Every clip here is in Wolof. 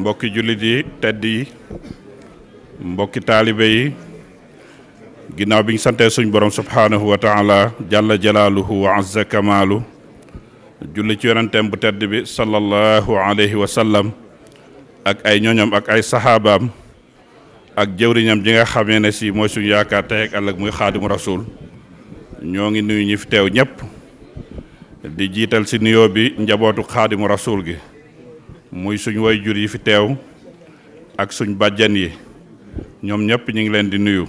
mbokki jullit yi tedd yi mbokki taalibe yi ginnaaw biñ ñu santee suñ borom subhaanahu wa taala jalla jalaaluhu wa azza kamaalu julli ci yonenteem bu tedd bi sallallahu alayhi wa ak ay ñoñom ak ay saxaabaam ak jëwriñam ji nga xamee ne si mooy suñu yaakaar tey ak ëllëg muy xaadimu rasul ñoo ngi nuyu ñi fi teew ñëpp di jiital si nuyoo bi njabootu xaadimu rasul gi muy suñ jur yi fi teew ak suñ bàjjan yi ñoom ñëpp ñu ngi leen di nuyu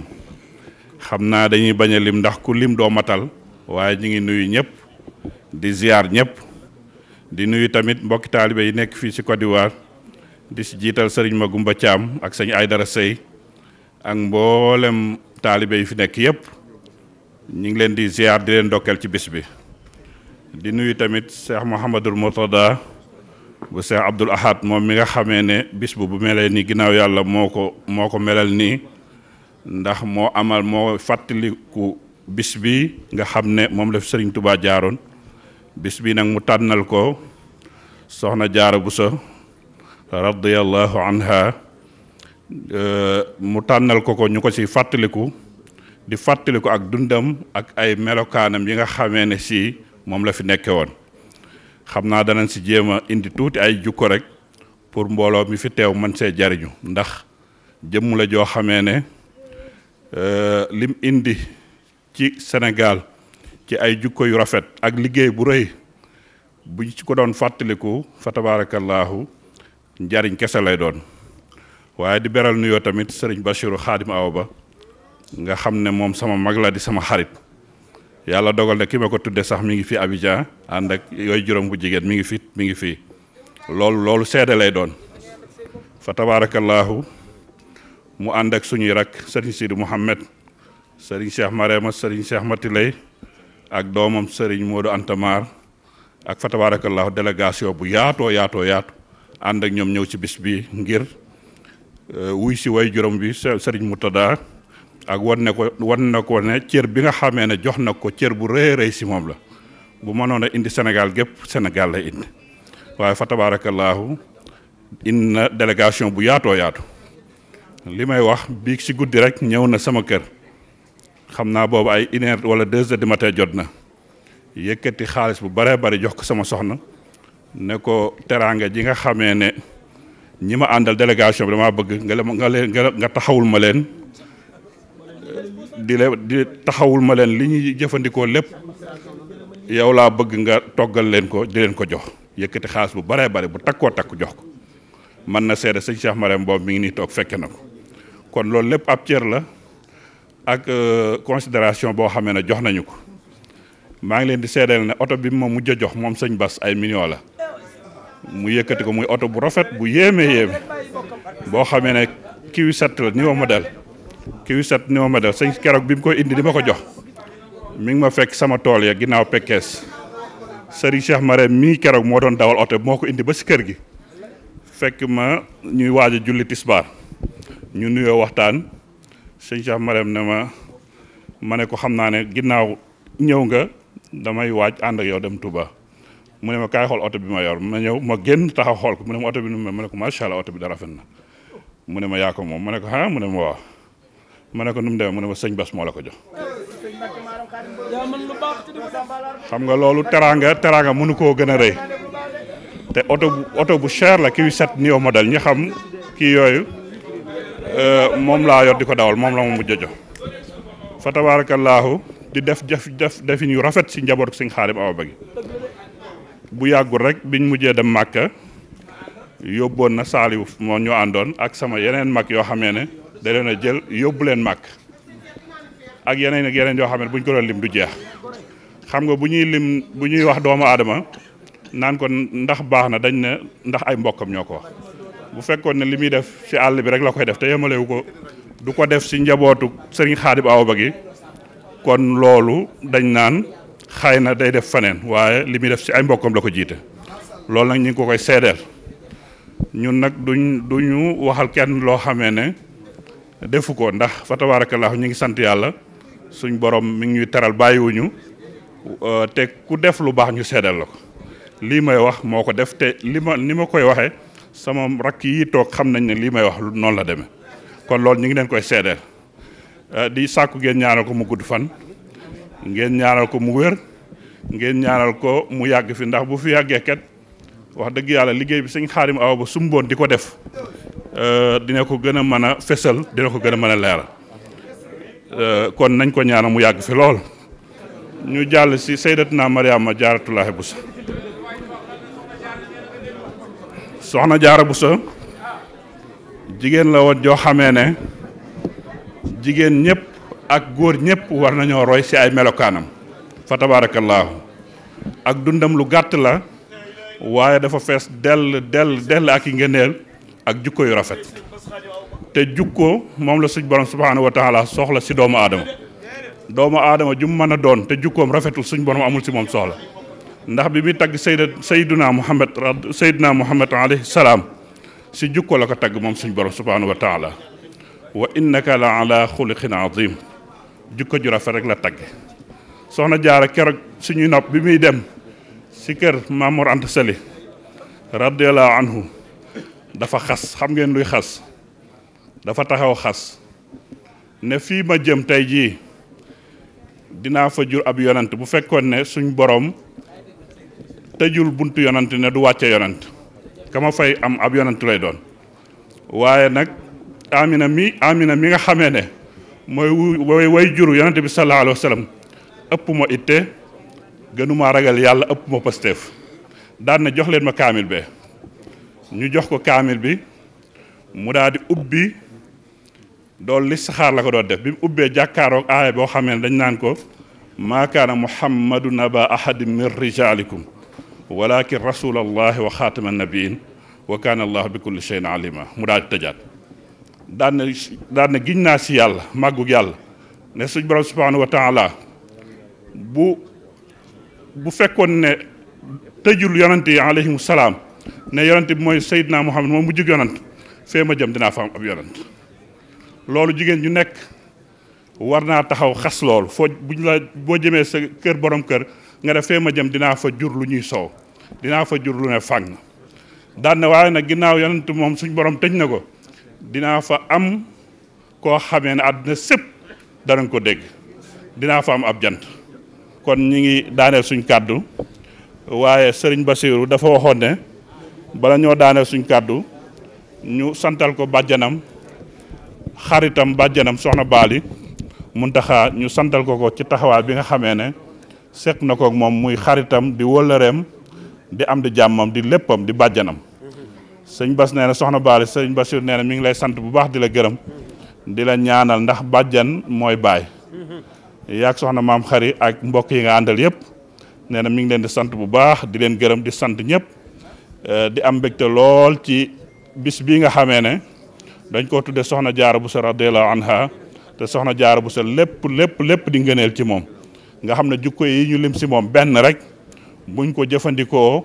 xam naa dañuy bañ a lim ndax ku lim doo matal waaye ñu ngi nuyu ñëpp di ziar ñëpp di nuyu tamit mbokki taalibe yi nekk fii si Côte d'Ivoire di si jiital sëriñ Magumba Thiam ak sëñ dara Sey ak mboolem taalibe yi fi nekk yëpp ñu ngi leen di ziar di leen ndokkeel ci bis bi di nuyu tamit Cheikh Mouhamadul motoda bu Seex Abdul Ahad moom mi nga xamee ne bis bu bu melee ni ginnaaw yàlla moo ko moo ko melal nii ndax moo amal moo fàttaliku bis bi nga xam ne moom la Sëriñ tubaa jaaroon bis bi nag mu tànnal ko soxna Jaara Buso radiyallahu anha euh, mu tànnal ko ko ñu ko ci fàttaliku di fàttaliku ak dundam ak ay melokaanam yi nga xamee ne si moom la fi nekke woon xam naa danañ si jéem a indi tuuti ay jukko rek pour mbooloo mi fi teew man see jariñu ndax jëmm la joo xamee ne euh, lim indi ci senegal ci ay jukko yu rafet ak liggéey bu rëy buñ ci ko doon fàttaliku fa tabaarakallaahu njariñ kese lay doon waaye di beral nuyoo tamit sëriñ Bachirou Khadim Awa Ba nga xam ne moom sama mag la di sama xarit yàlla dogal na ki ma ko tudde sax mi ngi fi Abidjan ànd ak yooyu juróom bu jigéen mi ngi fi mi ngi fii loolu loolu seede lay doon fa tabaarakallaahu mu ànd ak suñuy rak sëriñ Sidi Mouhamed sëriñ Cheikh Marema sëriñ Cheikh Matilay ak doomam sëriñ Modou Antamar ak fa tabaarakallaahu délégation bu yaatoo yaatoo yaatu ànd ak ñoom ñëw ci bis bi ngir euh, wuy si way juróom bi sëriñ Moutada ak wan ne ko wan na ko ne cër bi nga xamee ne jox na ko cër bu rëy rëy si moom la bu mënoon a indi Sénégal gépp Sénégal lay indi waaye fa tabaarakallaahu indi na délégation bu yaatoo yaatu li may wax bii si guddi rek ñëw na sama kër xam naa boobu ay une heure wala deux heures du jot na yëkkati xaalis bu baree bari jox ko sama soxna ne ko teraanga ji nga xamee ne ñi ma àndal délégation bi damaa bëgg nga nga nga taxawul ma leen di le di taxawul ma leen li ñuy jëfandikoo lépp yow laa bëgg nga toggal leen ko di leen ko jox yëkkati xaalis bu baree bare bu takkoo takk jox ko mën na seede sëñ ma Mariam boobu mi ngi nii toog fekke na ko kon loolu lépp ab cër la ak euh, considération boo xamee ne jox nañu ko maa ngi leen di seedeel ne oto bi ma mujj a jox moom sëñ Bas ay millions la mu yëkkati ko muy oto bu rafet bu yéeme yéeme boo xamee ne kiwi set la ni wa kiw sat ni ma ma def sëñ keroog bi mu koy indi di ma ko jox mi ngi ma fekk sama tool ya ginnaaw pekkees sëriñ Cheikh Mare mii keroog moo doon dawal oto moo ko indi ba si kër gi fekk ma ñuy waaj a julli tisbaar ñu nuyoo waxtaan sëñ Cheikh Marème ne ma ma ne ko xam naa ne ginnaaw ñëw nga damay waaj ànd ak yow dem Touba mu ne ma kaay xool oto bi ma yor ma ñëw ma génn taxaw xool ko mu ne ma oto bi nu ma ne ko macha allah oto bi da rafet na mu ne ma yaa moom ma ne ko mu ne ma waaw mané ko num dé mané ko ne bass mo bas la ko jox xam nga loolu teranga teranga munu ko gëna té te auto bu cher la wi set ni modèle ñi xam kii yooyu euh, moom laa yor di ko dawal mom la mu mujjë jox fa tabarakallah di def def def defin yu rafet ci njabot awa bagi bu yagul rek biñ mujjee dem makka yobona na mo ñu andon ak sama yenen mak yo hamene. da leen jël yóbbu leen màkk ak yeneen ak yeneen yoo xam ne bu ñu ko doon lim du jeex xam nga bu ñuy lim bu ñuy wax doomu aadama naan ko ndax baax na dañ ne ndax ay mbokkam ñoo ko wax bu fekkoon ne li muy def ci àll bi rek la koy def te yemalewu ko du ko def ci njabootu sëriñ xaadib aw ba gi kon loolu dañ naan xëy na day def faneen waaye li muy def ci ay mbokkam la ko jiite loolu nag ñu ngi ko koy seedeel ñun nag duñ duñu waxal kenn loo xamee ne defu ko ndax fa tabaarakallaahu ñu ngi sant yàlla suñ borom mi ngi ñuy teral bàyyiwuñu euh, te ku def lu baax ñu seddal la ko lii may wax moo ko def te li ma ni ma koy waxee sama rakk yi toog xam nañ ne lii may wax noonu la demee kon loolu ñu ngi leen koy seddal euh, di sàkku ngeen ñaanal ko mu gudd fan ngeen ñaanal ko mu wér ngeen ñaanal ko mu yàgg fi ndax bu fi yàggee kat wax dëgg yàlla liggéey bi sëñ xaarim awa ba sumboon di ko def Euh, dina ko gën a mën a fesal dina ko gën a mën a leeral euh, kon nañ ko ñaanal mu yàgg fi lool ñu jàll si sayyidatuna Mariama Jaaratulaahi Buso soxna Jaara Buso jigéen la woon joo xamee ne jigéen ñëpp ak góor ñëpp war nañoo roy si ay melokaanam fa tabaarakallaahu ak dundam lu gàtt la waaye dafa fees dell dell dell ak yi ngëneel ak jukko yu rafet te jukko moom la suñ borom subhaanahu wa soxla si doomu aadama doomu aadama ju mën a doon te jukkoom rafetul suñ borom amul si moom soxla ndax bi muy tagg sayda sayduna muhammad sayduna muhammad alayhi salaam si jukko tagg moom suñ borom subhaanahu wa taala wa innaka la ala xuliqin azim jukko ju rafet rek la tagg soxna jaara keroog suñuy nopp bi muy dem si kër Mamour Anta Sali radiyallahu anhu dafa xas xam ngeen luy xas dafa taxaw xas ne fii ma jëm tey jii dinaa fa jur ab yonant bu fekkoon ne suñ borom tëjul bunt yonant ne du wàcce yonant kama fay am ab yonant lay doon waaye nag amina mi amina mi nga xamee ne mooy way juru yonante bi sallallahu alayhi wa sallam ëpp ma itte gënumaa ragal yàlla ëpp ma pasteef daan na jox leen ma kaamil be ñu jox ko kaamil bi mu daal di ubbi dool li saxaar la ko doon def bi mu ubbee jàkkaaroog aaya boo xamee ne dañ naan ko maa kaana muhammadun aba ahadin min rijalikum walakin rasul allahi wa xaatama nabiin wa kaana allahu bi kulli cheyin alima mu daal di tëjaat daan na daan na giñ naa si yàlla màggug yàlla ne suñ borom subhanahu wa taala bu bu fekkoon ne tëjul yonante yi alayhimu salaam ne yonent bi mooy Seydina Muhammad moom mujjug yonent fee ma jëm dinaa fa am ab yonent loolu jigéen ñu nekk war naa taxaw xas loolu foo bu ñu la boo jëmee sa kër borom kër nga def fee ma jëm dinaa fa jur lu ñuy soow dinaa fa jur lu ne fàng daan na waaye nag ginnaaw yonent moom suñ borom tëñ na ko dinaa fa am koo xamee ne àddina sépp danañ ko dégg dinaa fa am ab jant kon ñi ngi daaneel suñ kàddu waaye sëriñ Basiiru dafa waxoon ne bala ñoo daaneel suñ kaddu ñu santal ko bàjjanam xaritam bàjjanam soxna bali muntaxa ñu santal ko ko ci taxawaay bi nga xamé ne sék nako ak mom muy xaritam di wëllëreem di am di jammam di leppam di bàjjanam señ bas nee soxna bali señ bassir nee mi ngi lay sant bu baax di la gërëm di la ñaanal ndax bàjjan mooy baay yaag soxna mam xari ak mbokk yi nga andal yépp nee mi ngi leen di sant bu baax di leen gëreem di sant ñëpp Eh, di am mbégte lool ci bis bii nga xamee ne dañ koo tuddee soxna jaara bu sa radiyallahu anha te soxna jaara bu sa lépp lépp lépp di ngëneel ci moom nga xam ne jukko yi ñu lim si moom benn rek buñ ko jëfandikoo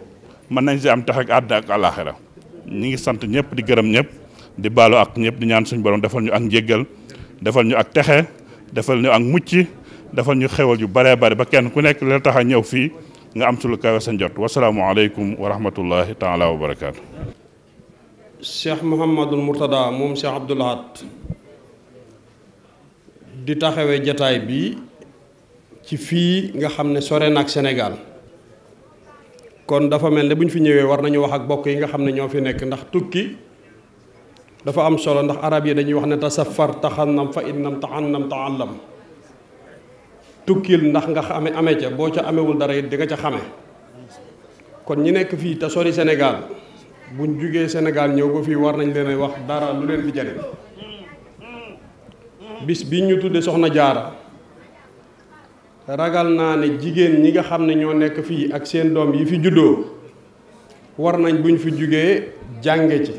mën nañ si am tax ak àdd ak àllaaxira ñi ngi sant ñëpp di gërëm ñëpp di balo ak ñëpp di ñaan suñu borom defal ñu ak njéggal defal ñu ak texe defal ñu ak mucc defal ñu xewal yu baree bari ba kenn ku nekk la tax a ñëw fii nga am ci lu kawe sa wassalamu alaykum wa rahmatullahi taala wa barakatuh cheikh mohammedul murtada mom cheikh Abdoul di taxawé jotaay bi ci fi nga xamné soré sore Sénégal kon dafa melni buñ fi ñëwé war nañu wax ak bokk yi nga xamné ño fi nekk ndax tukki dafa am solo ndax arab yi dañuy wax ne tasaffar takhannam fa innam taxannam taxallam tukkil ndax nga xame amee ca boo ca amewul dara it di nga ca xame kon ñi nekk fii te sori Sénégal buñ jógee Sénégal ñëw ba fii war nañ leen ay wax dara lu leen fi jariñ bis bi ñu tudde soxna jaara ragal naa ne jigéen ñi nga xam ne ñoo nekk fii ak seen doom yi fi juddoo war nañ buñ fi jugee jànge ci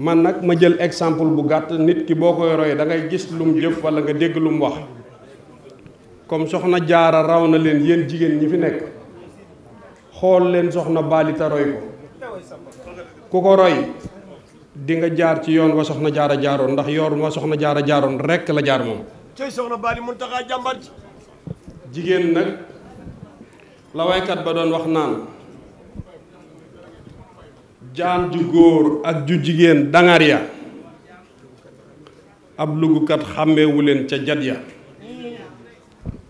man nag ma jël exemple bu gàtt nit ki boo koy royee da ngay gis lum jëf walla nga dégg lum wax comme soxna jaara raw na leen yéen jigéen ñi fi nekk xool leen soxna baalita roy ko ku ko roy di nga jaar ci yoon wa soxna jaara jaaroon ndax yoon wa soxna jaara jaaroon rekk la jaar moom cey soxna baali mun taxaa jàmbar jigéen nag la waykat ba doon wax naan jaan ju góor ak ju jigéen dangar ya ab lugukat xàmmewu leen ca jat ya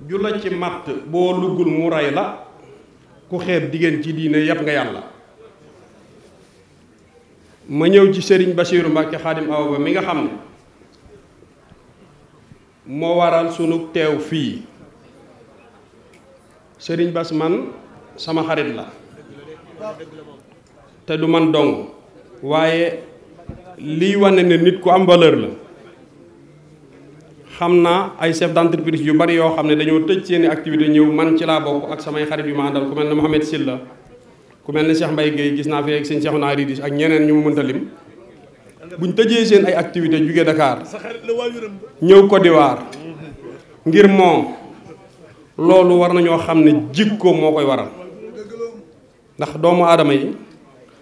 jula ci matt bo lugul mu ray la ku xeb digen ci diine yeb nga yalla ma ñew ci serigne bashir Mbàkke khadim awba mi nga xamne mo waral sunu tew fi serigne bass man sama xarit la te du man dong waaye li wane ne nit ku am valeur la xamna ay chef d'entreprise yu bari yo xamne dañu dañoo seen activité ñew man ci la bokk ak samay xarit yu ma àndal ku melni mohammed Silla ku melni Cheikh Mbaye Guèye gis na fi ak sëñ Cheikh Naari Dis ak ñeneen ñu mu mënta buñ tejje seen ay activité jugee Dakar ko di war ngir mo lolu war nañu xamne jikko mo koy waral ndax doomu adamay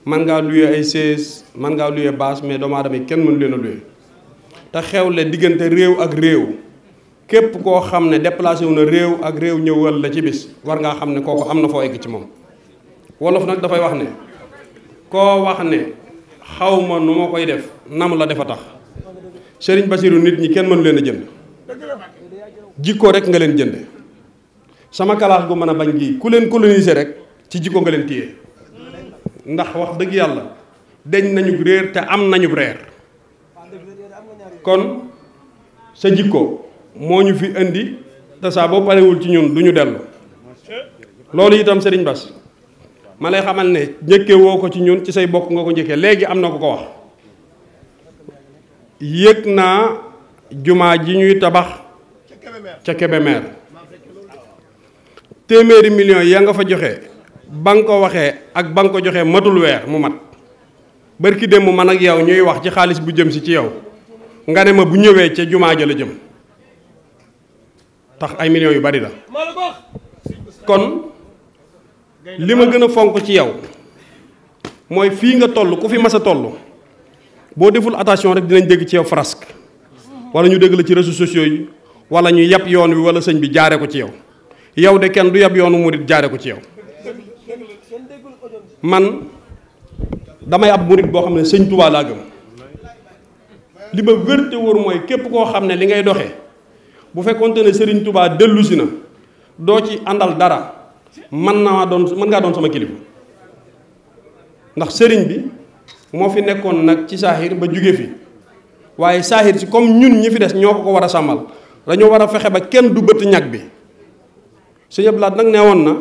man nga luyé ay chaise man nga luyé bass mais doomu adamay kenn mënu leena luyé xew le digënté réew ak réew képp ko xamné ne wona réew ak réew ñëwël la ci bis war nga xamné ne amna fo ek ci mom wolof da fay wax ne ko wax né xawma nu ma koy def nam la defa tax Serigne basirou nit ñi kenn mënu leen jënd jikko rek nga leen samakalah sama kalaax gu mëna bañ gi ku leen coloniser rek ci jikko nga leen tiyé ndax wax deug yalla deñ nañu reer te am nañu reer kon sa jikko moo ñu fi indi te saa boo parewul ci ñun itam Bas ma lay xamal ne njëkkee woo ko ci ñun ci say bokk nga ko njëkkee léegi am na ko ko wax yëg naa jumaa ji ñuy tabax ca Kébémer million ya nga fa ko ak ba ko joxee matul weer mu mat barki démb man ak yow ñuy wax ci bu jëm ci yow nga ne ma bu ñëwé ci juma ja la jëm tax ay million yu bari la kon lima gëna gën fonk ci yow moy fi nga toll ku fi mas toll deful attention rek dinañ dégg ci yow frasque wala ñu dégg la ci réseaux sociaux yi wala ñu yab yoon wi wala señ bi jaaré ko ci yow yow de kenn du yab yoonu mourid jaaré ko ci yow man damay ab mourid bo xamné señ touba la gëm li ma wér te wóor mooy képp koo xam ne li ngay doxee bu fekkonte ne Serigne Touba dellu si na doo ci àndal dara man naa doon man ngaa doon sama kilifa ndax bi moo fi nekkoon nag ci saaxiir ba jóge fi waaye saaxiir si comme ñun ñi fi des ñoo ko ko war a sàmmal dañoo war a fexe ba kenn du bëtt ñag bi sëñ blad Lahad nag ne na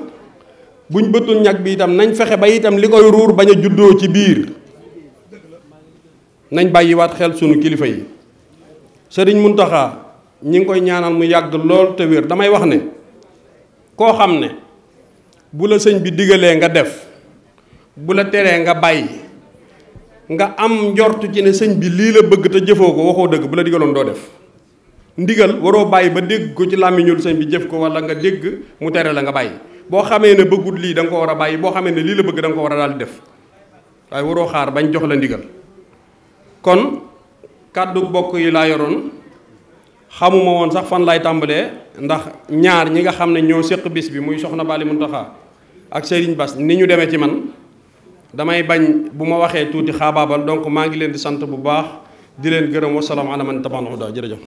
buñ bëttul ñag bi itam nañ fexe ba itam li koy ruur bañ a juddoo ci biir nañ wat xel sunu kilifa yi serigne muntaha ñi ngi koy ñaanal mu yàgg lool te wér damay wax ne koo xam bu la sëñ bi digalee nga def bu la teree nga bàyyi nga am njortu ci ne sëñ bi lii la bëgg te jëfoo ko waxoo dëgg bu la digaloon doo def ndigal waroo bàyyi ba dégg ko ci làmmiñul sëñ bi jëf ko wala nga dégg mu tere la nga bàyyi boo xamee ne bëggut lii da nga ko war a bàyyi boo xamee ne lii la bëgg da nga ko war a def waaye waroo xaar bañ jox la ndigal kon kàddu bokk yi laa yoroon xamuma woon sax fan laay tàmbalee ndax ñaar ñi nga xam ne ñoo séq bis bi muy soxna baal mun Muntaxa ak Serigne Bass ni ñu demee ci man damay bañ bu ma waxee tuuti xaabaabal donc maa ngi leen di sant bu baax di leen gërëm wasalaam ala man tabaanu huda jërëjëf